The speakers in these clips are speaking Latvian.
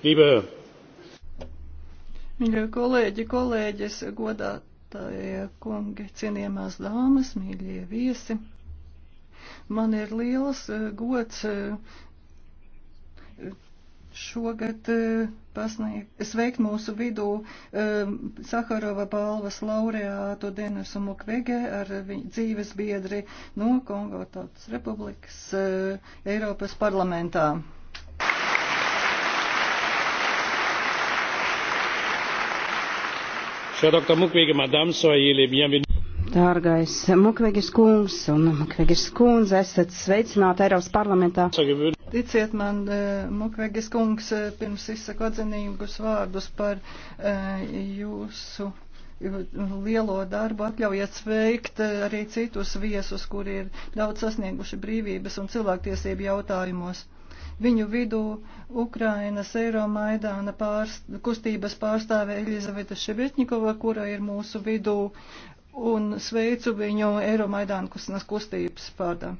Liebe Mīļie kolēģi, kolēģis, godātāji kungi, cienījamās dāmas, mīļie viesi, man ir liels eh, gods eh, šogad eh, pasniegt, sveikt mūsu vidū Saharova balvas laureātu Denisu Mukwege ar viņu dzīves biedri no Kongo Tautas Republikas Eiropas parlamentā. Dārgais Mukvegis kungs un Mukvegis kundze, esat sveicināti Eiropas parlamentā. Ticiet man, eh, Mukvegis kungs, eh, pirms izsaku atzinīgus vārdus par eh, jūsu lielo darbu, atļaujiet sveikt arī citus viesus, kuri ir daudz sasnieguši brīvības un cilvēktiesību jautājumos. Viņu vidū Ukrainas Eiromaidāna pārst, kustības pārstāve Elizaveta Ševetņikova, kura ir mūsu vidū, un sveicu viņu Eiromaidāna kustības pārdā.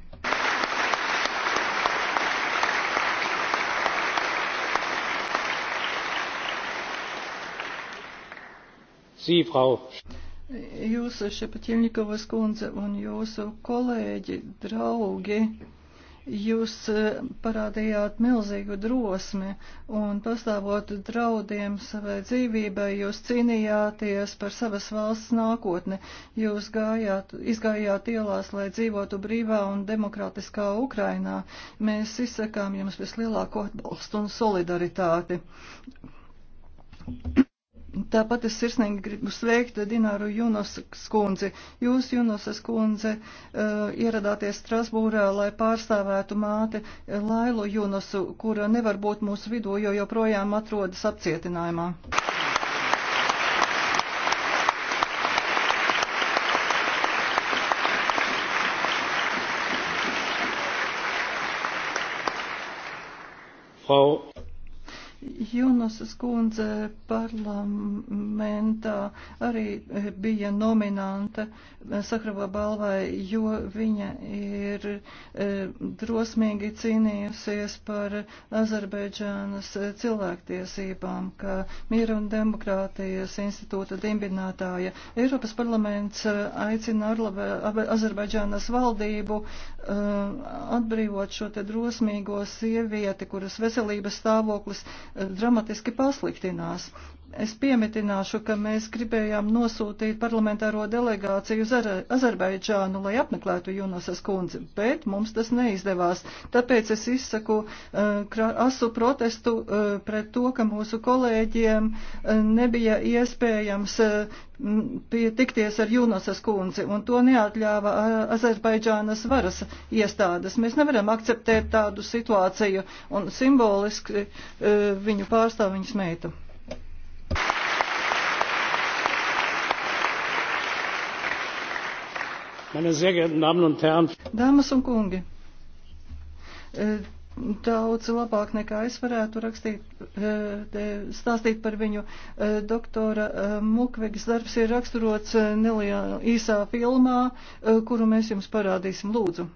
Sie, Frau. Jūs, Šepatilnikovas kundze, un jūsu kolēģi, draugi. Jūs e, parādījāt milzīgu drosmi un pastāvot draudiem savai dzīvībai, jūs cīnījāties par savas valsts nākotni, jūs gājāt, izgājāt ielās, lai dzīvotu brīvā un demokrātiskā Ukrainā. Mēs izsakām jums vislielāko atbalstu un solidaritāti. Tāpat es sirsnīgi gribu sveikt Dināru Junos skundzi. Jūs, Junosas skundze, eh, ieradāties Strasbūrā, lai pārstāvētu māti eh, Lailu Junosu, kura nevar būt mūsu vidū, jo joprojām atrodas apcietinājumā. Frau Junasas kundze parlamentā arī bija nominanta Sakrava balvai, jo viņa ir e, drosmīgi cīnījusies par Azerbaidžānas cilvēktiesībām, kā miera un demokrātijas institūta dibinātāja. Eiropas parlaments e, aicina Azerbaidžānas valdību e, atbrīvot šo te drosmīgo sievieti, kuras veselības stāvoklis dramatiski pasliktinās. Es piemetināšu, ka mēs gribējām nosūtīt parlamentāro delegāciju uz Azerbaidžānu, lai apmeklētu Junasas kundzi, bet mums tas neizdevās. Tāpēc es izsaku uh, asu protestu uh, pret to, ka mūsu kolēģiem uh, nebija iespējams uh, tikties ar Junasas kundzi, un to neatļāva Azerbaidžānas varas iestādes. Mēs nevaram akceptēt tādu situāciju, un simboliski uh, viņu pārstāv viņas meita. Meine sehr geehrten Damen un Herren. Dāmas un kungi, e, daudz labāk nekā es varētu rakstīt, e, stāstīt par viņu. E, doktora Mukvegas darbs ir raksturots nelielā īsā filmā, kuru mēs jums parādīsim lūdzu.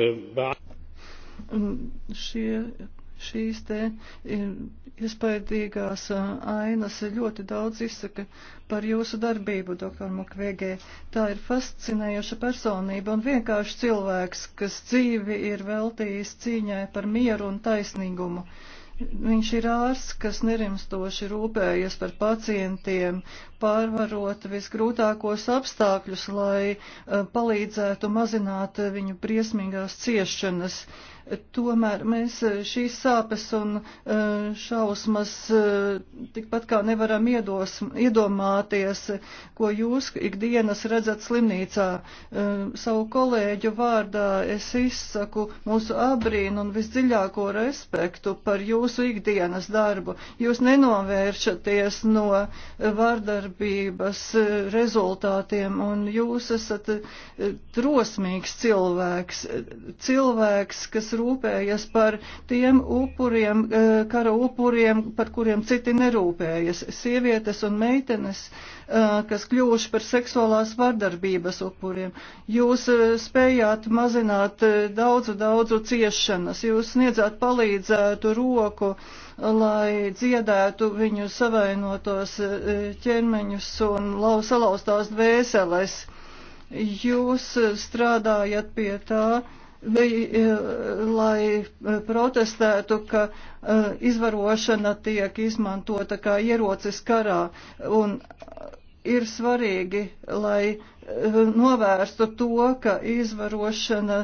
uz Šie, šīs te iespaidīgās ainas ļoti daudz izsaka par jūsu darbību, doktor Mukvegē. Tā ir fascinējoša personība un vienkārši cilvēks, kas dzīvi ir veltījis cīņai par mieru un taisnīgumu. Uh, Viņš ir ārsts, kas nerimstoši rūpējies par pacientiem, pārvarot visgrūtākos apstākļus, lai eh, palīdzētu mazināt viņu briesmīgās ciešanas. Tomēr mēs eh, šīs sāpes un eh, šausmas eh, tikpat kā nevaram iedos, iedomāties, ko jūs ikdienas redzat slimnīcā. Savu kolēģu vārdā es izsaku mūsu abrīnu un visdziļāko respektu par jūsu ikdienas darbu. Jūs nenovēršaties no vardarbības rezultātiem un jūs esat drosmīgs cilvēks, cilvēks, kas kas rūpējas par tiem upuriem, eh, kara upuriem, par kuriem citi nerūpējas. Sievietes un meitenes, eh, kas kļuvuši par seksuālās vardarbības upuriem. Jūs eh, spējāt mazināt daudzu, daudzu ciešanas. Jūs sniedzāt palīdzētu roku, lai dziedētu viņu savainotos ķermeņus un salauztās dvēseles. Jūs strādājat pie tā, bija, e, lai e, protestētu, ka e, izvarošana tiek izmantota kā ierocis karā. Un ir svarīgi, lai novērstu to, ka izvarošana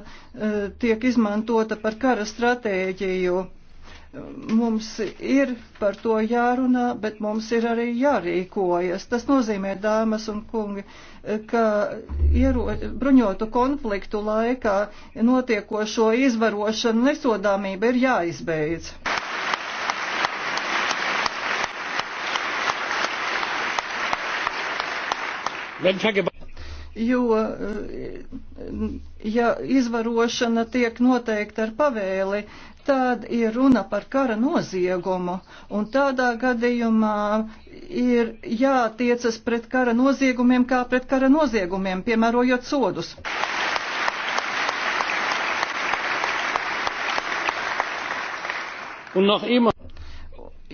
tiek izmantota par kara stratēģiju Mums ir par to jārunā, bet mums ir arī jārīkojas. Tas nozīmē, dāmas un kungi, ka iero, bruņotu konfliktu laikā notiekošo izvarošanu nesodāmība ir jāizbeidz. Mensch, jo, eh, ja izvarošana tiek noteikta ar pavēli, tad ir runa par kara noziegumu, un tādā gadījumā ir jātiecas pret kara noziegumiem kā pret kara noziegumiem, piemērojot sodus. Un noch immer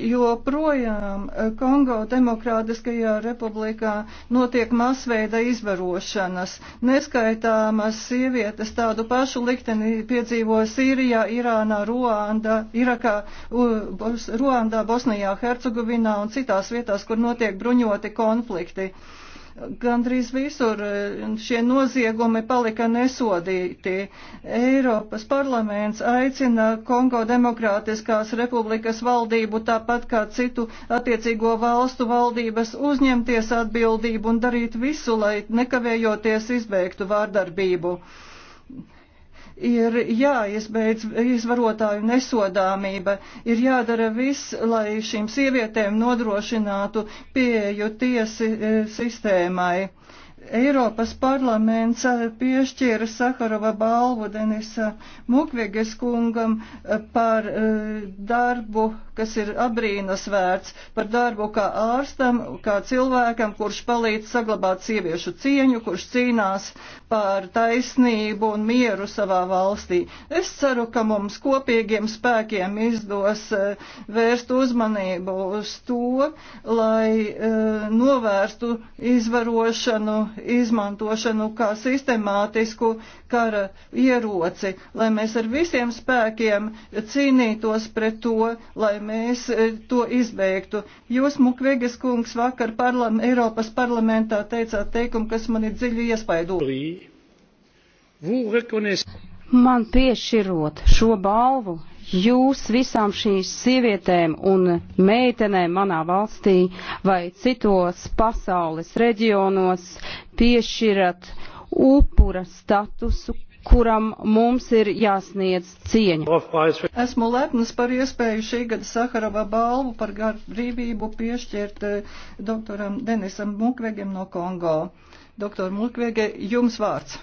joprojām eh, Kongo Demokrātiskajā republikā notiek masveida izvarošanas. Neskaitāmas sievietes tādu pašu likteni piedzīvo Sīrijā, Irānā, Ruanda, Irakā, Ruandā, Bosnijā, Hercegovinā un citās vietās, kur notiek bruņoti konflikti. Uh, Gandrīz visur šie noziegumi palika nesodīti. Eiropas parlaments aicina Kongo Demokrātiskās republikas valdību, tāpat kā citu attiecīgo valstu valdības, uzņemties atbildību un darīt visu, lai nekavējoties izbeigtu vārdarbību ir jāizbeidz izvarotāju nesodāmība, ir jādara viss, lai šīm sievietēm nodrošinātu pieeju tiesi e, sistēmai. Eiropas parlaments e, piešķīra Sakarova balvu Denisa Mukveges kungam e, par darbu, kas ir abrīnas vērts, par darbu kā ārstam, kā cilvēkam, kurš palīdz saglabāt sieviešu cieņu, kurš cīnās par taisnību un mieru savā valstī. Es ceru, ka mums kopīgiem spēkiem izdos eh, vērst uzmanību uz to, lai eh, novērstu izvarošanu, izmantošanu kā sistemātisku kara ieroci, lai mēs ar visiem spēkiem cīnītos pret to, lai mēs eh, to izbeigtu. Jūs, Mukveges kungs, vakar parlam Eiropas parlamentā teicāt teikumu, kas mani dziļi iespaido. Man piešķirot šo balvu, jūs visām šīs sievietēm un meitenēm manā valstī vai citos pasaules reģionos piešķirat upura statusu, kuram mums ir jāsniedz cieņa. Esmu lepnas par iespēju šī gada Saharava balvu par brīvību piešķirt eh, doktoram Denisam Mukvegam no Kongo. Doktor Mukvege, jums vārds.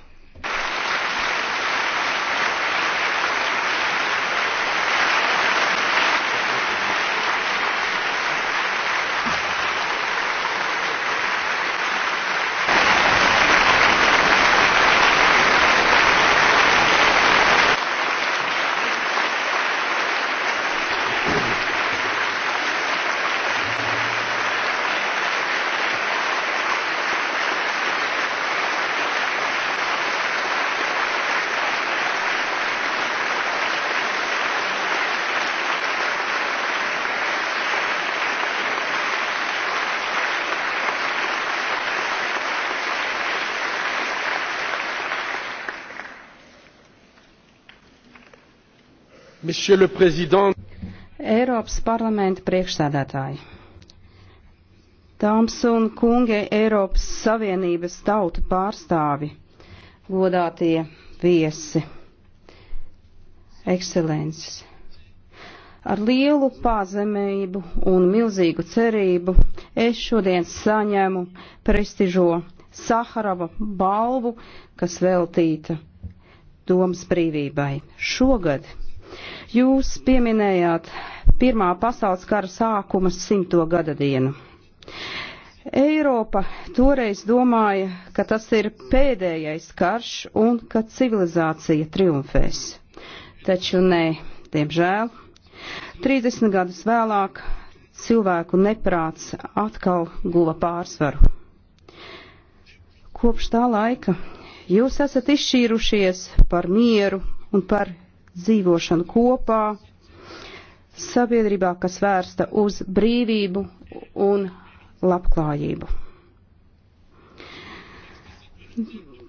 Eiropas parlamenta priekšsēdētāji. Dāmas un kungi, Eiropas Savienības tautu pārstāvi, godātie viesi, ekscelences. Ar lielu pazemību un milzīgu cerību es šodien saņēmu prestižo Saharava balvu, kas veltīta domas brīvībai. Šogad Jūs pieminējāt Pirmā pasaules kara sākuma simto gada dienu. Eiropa toreiz domāja, ka tas ir pēdējais karš un ka civilizācija triumfēs. Taču nē, diemžēl, 30 gadus vēlāk cilvēku neprāts atkal guva pārsvaru. Kopš tā laika jūs esat izšķīrušies par mieru un par dzīvošanu kopā, sabiedrībā, kas vērsta uz brīvību un labklājību.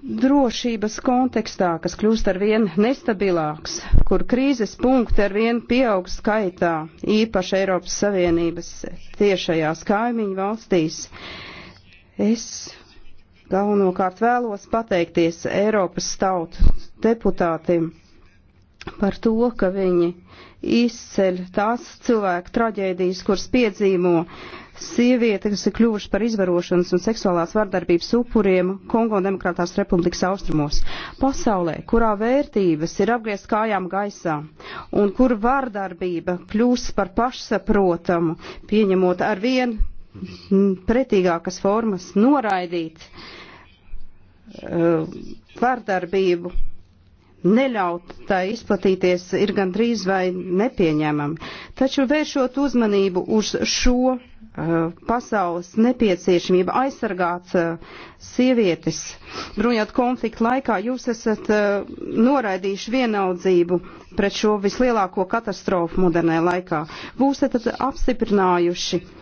Drošības kontekstā, kas kļūst ar vien nestabilāks, kur krīzes punkti ar vien pieaug skaitā, īpaši Eiropas Savienības tiešajās kaimiņu valstīs, es galvenokārt vēlos pateikties Eiropas tautu deputātiem par to, ka viņi izceļ tās cilvēku traģēdijas, kuras piedzīvo sieviete, kas ir kļuvuši par izvarošanas un seksuālās vardarbības upuriem Kongo Demokrātās Republikas austrumos. Pasaulē, kurā vērtības ir apgriezt kājām gaisā un kur vardarbība kļūst par pašsaprotamu, pieņemot ar vien pretīgākas formas, noraidīt uh, vardarbību neļaut tā izplatīties ir gandrīz vai nepieņemami. Taču vēršot uzmanību uz šo uh, pasaules nepieciešamību aizsargāt uh, sievietes, bruņot konfliktu laikā, jūs esat uh, noraidījuši vienaldzību pret šo vislielāko katastrofu modernē laikā. Būs esat apstiprinājuši uh,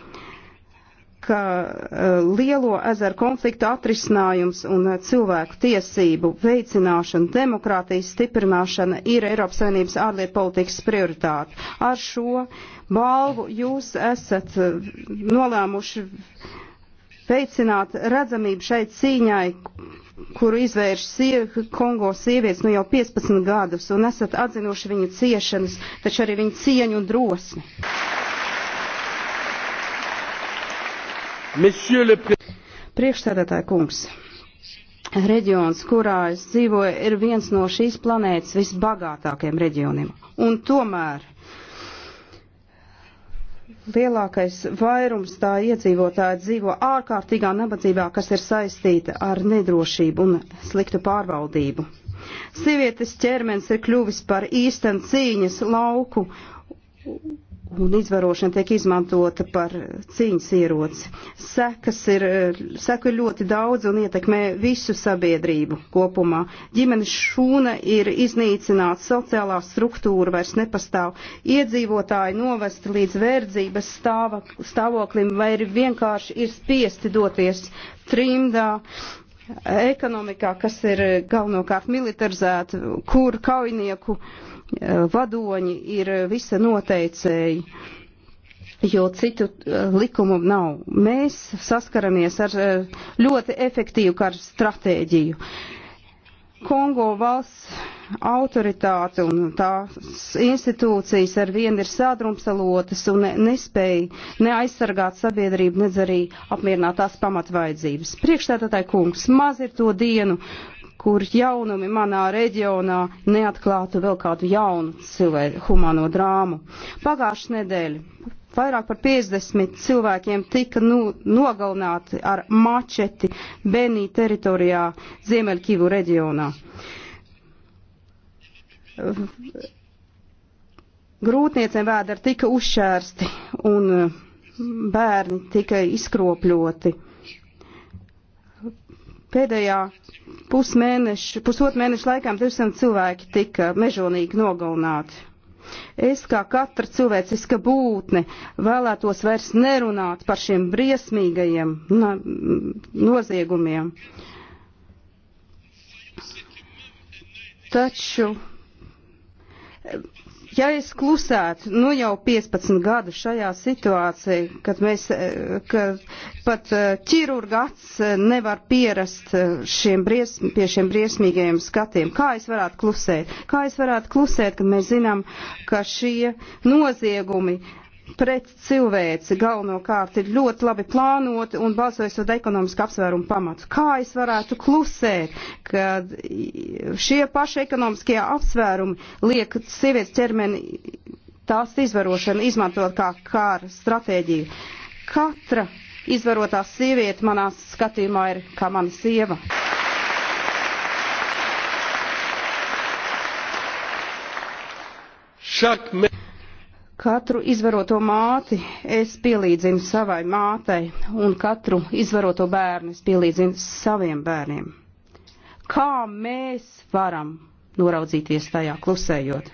ka e, lielo ezeru konfliktu atrisinājums un e, cilvēku tiesību veicināšana, demokrātijas stiprināšana ir Eiropas Savienības ārlietu politikas prioritāte. Ar šo balvu jūs esat e, nolēmuši veicināt redzamību šai cīņai, kuru izvērš sievi, Kongo sievietes nu jau 15 gadus, un esat atzinuši viņu ciešanas, taču arī viņu cieņu un drosmi. Le... Priekšsēdētāja kungs, reģions, kurā es dzīvoju, ir viens no šīs planētas visbagātākajiem reģioniem. Un tomēr lielākais vairums tā iedzīvotāji dzīvo ārkārtīgā nabadzībā, kas ir saistīta ar nedrošību un sliktu pārvaldību. Sievietes ķermenis ir kļuvis par īstenu cīņas lauku un izvarošana tiek izmantota par cīņas ieroci. Sekas ir, seku ir ļoti daudz un ietekmē visu sabiedrību kopumā. Ģimenes šūna ir iznīcināta, sociālā struktūra vairs nepastāv, iedzīvotāji novesti līdz verdzības stāva, stāvoklim vai ir vienkārši ir spiesti doties trimdā ekonomikā, kas ir galvenokārt militarizēta, kur kaujinieku uh, Eh, vadoņi ir eh, visa noteicēji, jo citu eh, likumu nav. Mēs saskaramies ar ļoti efektīvu karu stratēģiju. Kongo valsts autoritāte un tās institūcijas ar vienu ir sādrumsalotas un nespēja neaizsargāt sabiedrību, nedz arī apmierināt tās pamatvaidzību. Priekšstādātāji kungs, maz ir to dienu, kur jaunumi manā reģionā neatklātu vēl kādu jaunu cilvēku humano drāmu. Pagājušā nedēļa vairāk par 50 cilvēkiem tika nu, nogalināti ar mačeti Benī teritorijā Ziemeļkivu reģionā. Grūtniecēm vēderi tika uzšērsti un bērni tika izkropļoti. Pēdējā pusmēneša, pusotra mēneša laikā 200 cilvēki tika mežonīgi nogalināti. Es kā katra cilvēciska būtne vēlētos vairs nerunāt par šiem briesmīgajiem noziegumiem. Taču Ja es klusētu, nu jau 15 gadu šajā situācijā, kad mēs, eh, kad pat eh, ķirurgats eh, nevar pierast šiem bries, pie šiem briesmīgajiem skatiem, kā es varētu klusēt? Kā es varētu klusēt, kad mēs zinām, ka šie noziegumi pret cilvēci galvenokārt ir ļoti labi plānoti un balsojas uz ekonomisku apsvērumu pamatu. Kā es varētu klusēt, kad šie paši ekonomiskie apsvērumi liek sievietes ķermeni tās izvarošanu izmantot kā kāra stratēģiju? Katra izvarotā sieviete manā skatījumā ir kā mana sieva. Chaque... Katru izvaroto māti es pielīdzinu savai mātei, un katru izvaroto bērnu es pielīdzinu saviem bērniem. Kā mēs varam noraudzīties tajā klusējot?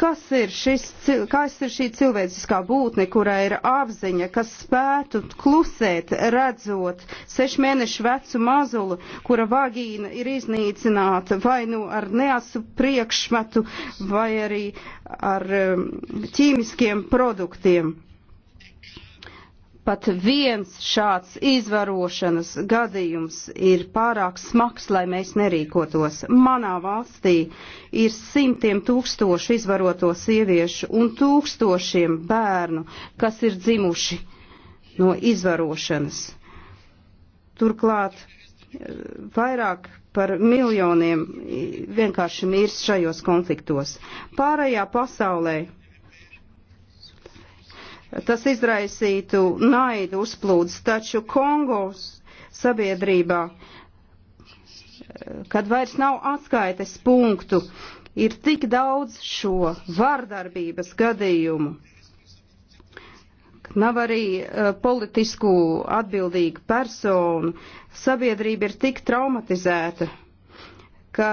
Kas ir, šis, kas ir šī cilvēciskā būtne, kurai ir apziņa, kas spētu klusēt, redzot sešu mēnešu vecu mazulu, kura vagīna ir iznīcināta vai nu ar neasu priekšmetu vai arī ar um, ķīmiskiem produktiem? Pat viens šāds izvarošanas gadījums ir pārāk smags, lai mēs nerīkotos. Manā valstī ir simtiem tūkstošu izvaroto sieviešu un tūkstošiem bērnu, kas ir dzimuši no izvarošanas. Turklāt eh, vairāk par miljoniem vienkārši mirst šajos konfliktos. Pārējā pasaulē tas izraisītu naidu uzplūdes, taču Kongos sabiedrībā, kad vairs nav atskaites punktu, ir tik daudz šo vārdarbības gadījumu. Nav arī uh, politisku atbildīgu personu. Sabiedrība ir tik traumatizēta ka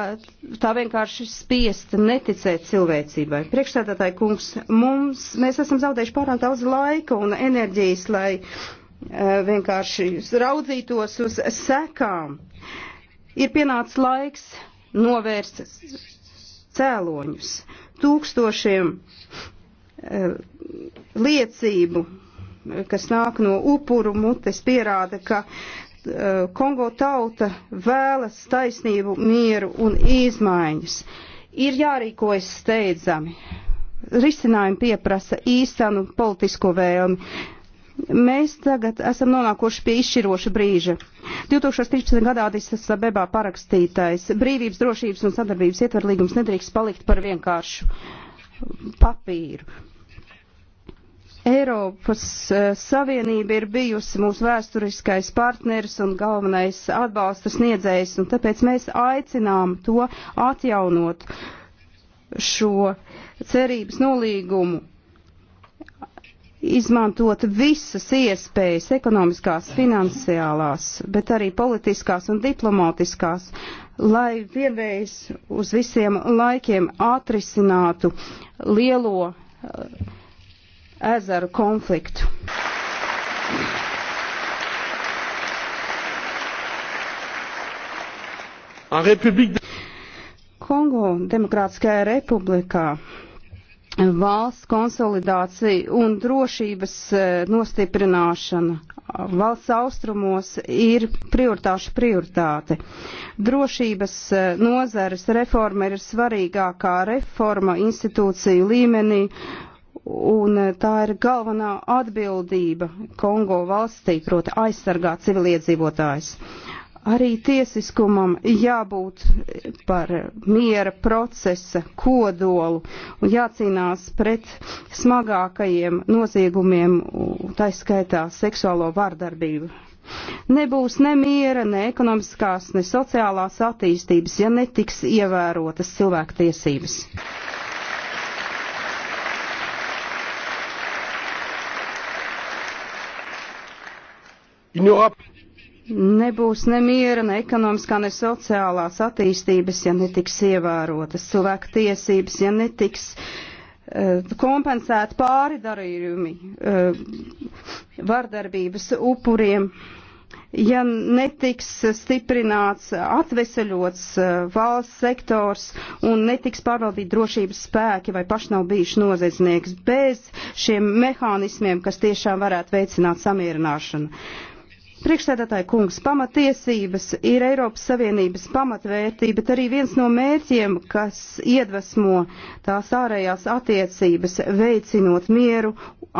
tā vienkārši spiest neticēt cilvēcībai. Priekšstādātāji kungs, mums, mēs esam zaudējuši pārāk daudz laika un enerģijas, lai uh, vienkārši raudzītos uz sekām. Ir pienācis laiks novērst cēloņus. Tūkstošiem uh, liecību, kas nāk no upuru mutes, pierāda, ka Eh, Kongo tauta vēlas taisnību, mieru un izmaiņas. Ir jārīkojas steidzami. Risinājumi pieprasa īstenu politisko vēlmi. Mēs tagad esam nonākuši pie izšķiroša brīža. 2013. gadā Adisas Abebā parakstītais brīvības, drošības un sadarbības ietver līgums nedrīkst palikt par vienkāršu papīru Eiropas eh, Savienība ir bijusi mūsu vēsturiskais partneris un galvenais atbalsta sniedzējs, un tāpēc mēs aicinām to atjaunot šo cerības nolīgumu, izmantot visas iespējas ekonomiskās, finansiālās, bet arī politiskās un diplomātiskās, lai vienreiz uz visiem laikiem atrisinātu lielo uh, ezeru konfliktu. Kongo Demokrātiskajā republikā valsts konsolidācija un drošības eh, nostiprināšana valsts austrumos ir prioritāšu prioritāte. Drošības eh, nozares reforma ir svarīgākā reforma institūciju līmenī Un eh, tā ir galvenā atbildība Kongo valstī, proti aizsargāt civiliedzīvotājs. Arī tiesiskumam jābūt par miera procesa kodolu un jācīnās pret smagākajiem noziegumiem, taiskaitā seksuālo vardarbību. Nebūs ne miera, ne ekonomiskās, ne sociālās attīstības, ja netiks ievērotas cilvēktiesības. Nebūs ne miera, ne ekonomiskā, ne sociālās attīstības, ja netiks ievērotas cilvēku tiesības, ja netiks uh, eh, kompensēt pāridarījumi uh, eh, vardarbības upuriem, ja netiks stiprināts, atveseļots uh, valsts sektors un netiks pārvaldīt drošības spēki vai paši nav bijuši noziedznieks bez šiem mehānismiem, kas tiešām varētu veicināt samierināšanu Priekšsēdētāji kungs, pamatiesības ir Eiropas Savienības pamatvērtība, bet arī viens no mērķiem, kas iedvesmo tās ārējās attiecības, veicinot mieru,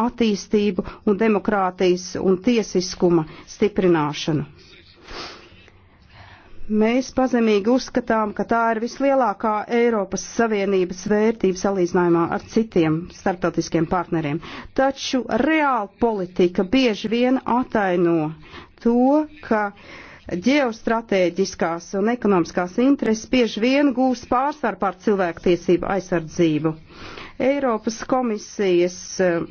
attīstību un demokrātijas un tiesiskuma stiprināšanu. Mēs pazemīgi uzskatām, ka tā ir vislielākā Eiropas Savienības vērtība salīdzinājumā ar citiem starptautiskiem partneriem. Taču reāla politika bieži vien ataino to, ka ģeostrateģiskās un ekonomiskās intereses bieži vien gūs pārsvaru pār cilvēktiesību aizsardzību. Eiropas komisijas eh,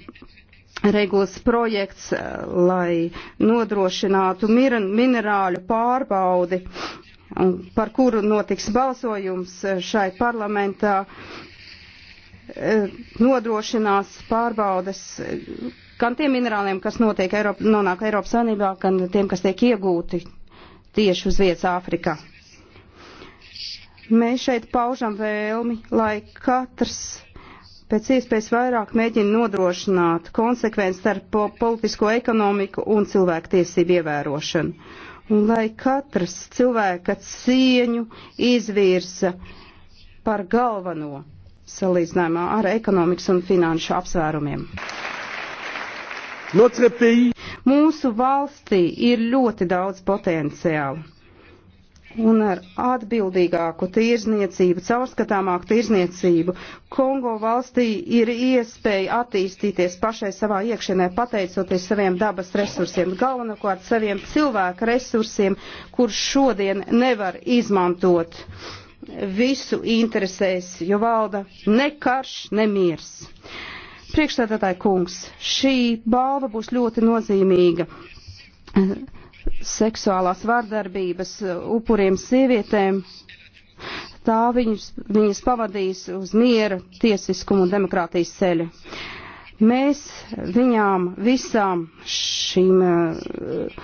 regulas projekts, eh, lai nodrošinātu minerāļu pārbaudi, par kuru notiks balsojums eh, šai parlamentā, nodrošinās pārbaudes gan tiem minerāliem, kas notiek Eiropa, nonāk Eiropas Savienībā, gan tiem, kas tiek iegūti tieši uz vietas Āfrikā. Mēs šeit paužam vēlmi, lai katrs pēc iespējas vairāk mēģina nodrošināt konsekvenci starp politisko ekonomiku un cilvēktiesību ievērošanu. Un lai katrs cilvēka cieņu izvirza par galveno salīdzinājumā ar ekonomikas un finanšu apsvērumiem. Mūsu valstī ir ļoti daudz potenciāla. Un ar atbildīgāku tirzniecību, caurskatāmāku tirzniecību, Kongo valstī ir iespēja attīstīties pašai savā iekšienē, pateicoties saviem dabas resursiem, galvenokārt saviem cilvēku resursiem, kur šodien nevar izmantot visu interesēs, jo valda ne karš, ne miers. Priekšstādātāja kungs, šī balva būs ļoti nozīmīga seksuālās vardarbības upuriem sievietēm. Tā viņus, viņas pavadīs uz miera, tiesiskumu un demokrātijas ceļu. Mēs viņām visām šīm uh,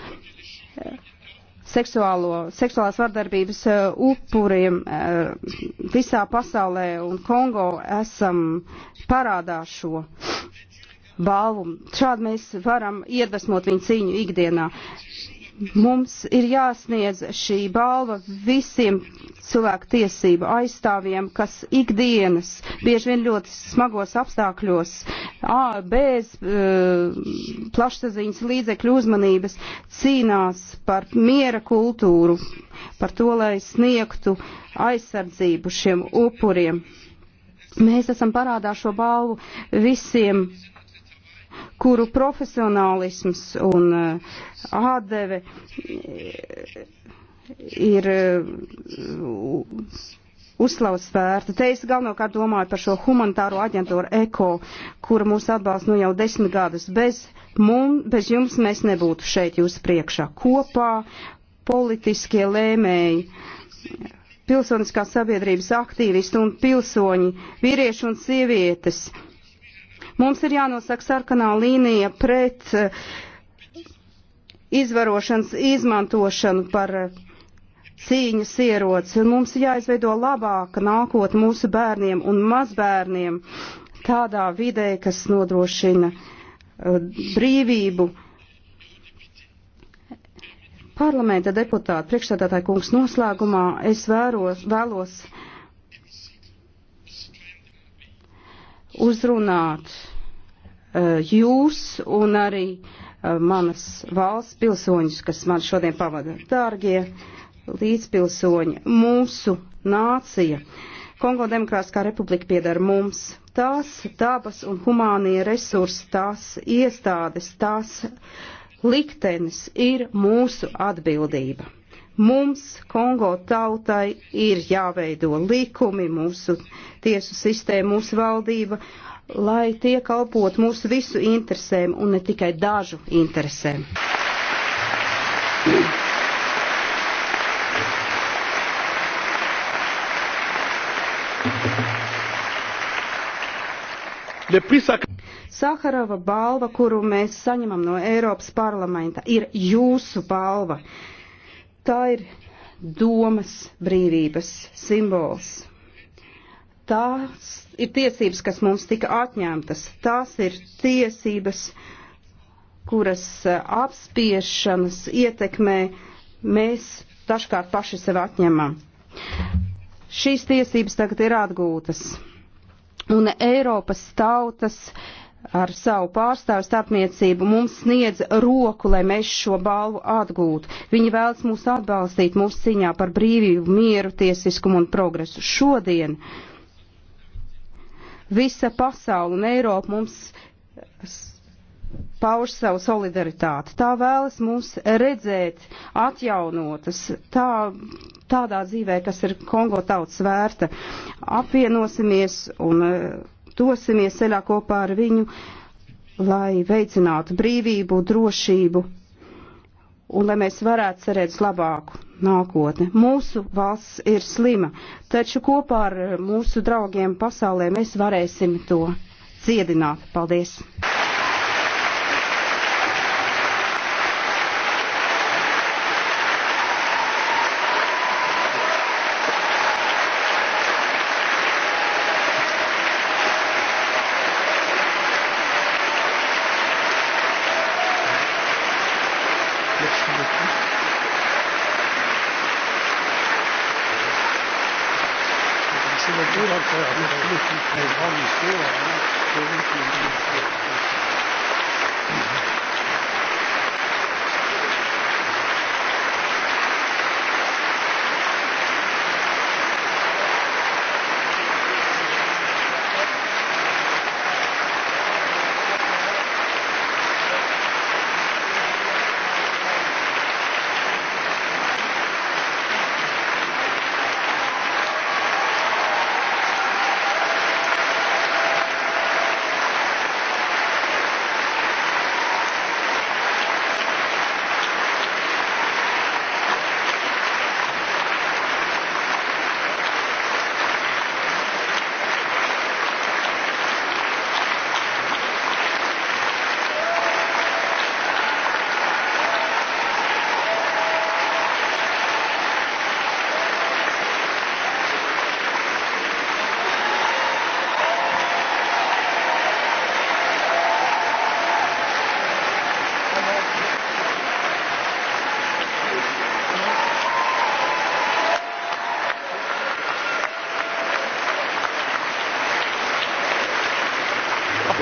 seksuālo, seksuālās vardarbības eh, upuriem eh, visā pasaulē un Kongo esam parādā šo balvu. Šādi mēs varam iedvesmot viņu cīņu ikdienā. Mums ir jāsniedz šī balva visiem cilvēku tiesību aizstāvjiem, kas ikdienas, bieži vien ļoti smagos apstākļos, ā, bez e, plašsaziņas līdzekļu uzmanības, cīnās par miera kultūru, par to, lai sniegtu aizsardzību šiem upuriem. Mēs esam parādā šo balvu visiem kuru profesionālisms un eh, ādeve eh, ir eh, uzslavas vērta. Te es galvenokārt domāju par šo humanitāro aģentūru ECO, kura mūs atbalsta nu jau desmit gadus. Bez, mum, bez jums mēs nebūtu šeit jūsu priekšā. Kopā politiskie lēmēji, pilsoniskās sabiedrības aktīvisti un pilsoņi, vīrieši un sievietes Mums ir jānosaka sarkanā līnija pret eh, izvarošanas izmantošanu par eh, cīņas ieroci, un mums ir jāizveido labāka nākotne mūsu bērniem un mazbērniem tādā vidē, kas nodrošina eh, brīvību. Parlamenta deputāta priekšstādātāja kungs noslēgumā es vēros, vēlos uzrunāt eh, jūs un arī eh, manas valsts pilsoņus, kas man šodien pavada. Dārgie līdzpilsoņi, mūsu nācija, Kongo Demokrātiskā republika piedara mums. Tās dabas un humānie resursi, tās iestādes, tās liktenis ir mūsu atbildība. Mums, Kongo tautai, ir jāveido likumi, mūsu tiesu sistēma, mūsu valdība, lai tie kalpot mūsu visu interesēm un ne tikai dažu interesēm. Saharova balva, kuru mēs saņemam no Eiropas parlamenta, ir jūsu balva. Tā ir domas brīvības simbols. Tās ir tiesības, kas mums tika atņemtas. Tās ir tiesības, kuras e, apspiešanas ietekmē mēs dažkārt paši sev atņemam. Šīs tiesības tagad ir atgūtas. Un Eiropas tautas uh, ar savu pārstāvu starpniecību mums sniedz roku, lai mēs šo balvu atgūtu. Viņi vēlas mūs atbalstīt mūsu ciņā par brīvību, mieru, tiesiskumu un progresu. Šodien visa pasaule un Eiropa mums pauž savu solidaritāti. Tā vēlas mūs redzēt atjaunotas tā, tādā dzīvē, kas ir Kongo tautas vērta. Apvienosimies un uh, dosimies ceļā kopā ar viņu, lai veicinātu brīvību, drošību un lai mēs varētu cerēt labāku nākotni. Mūsu valsts ir slima, taču kopā ar mūsu draugiem pasaulē mēs varēsim to dziedināt. Paldies!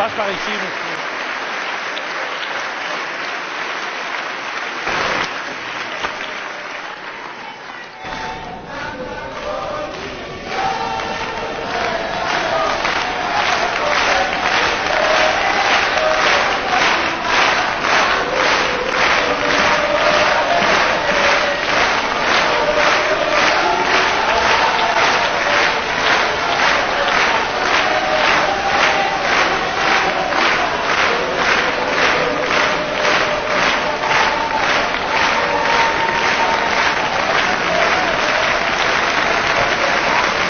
das war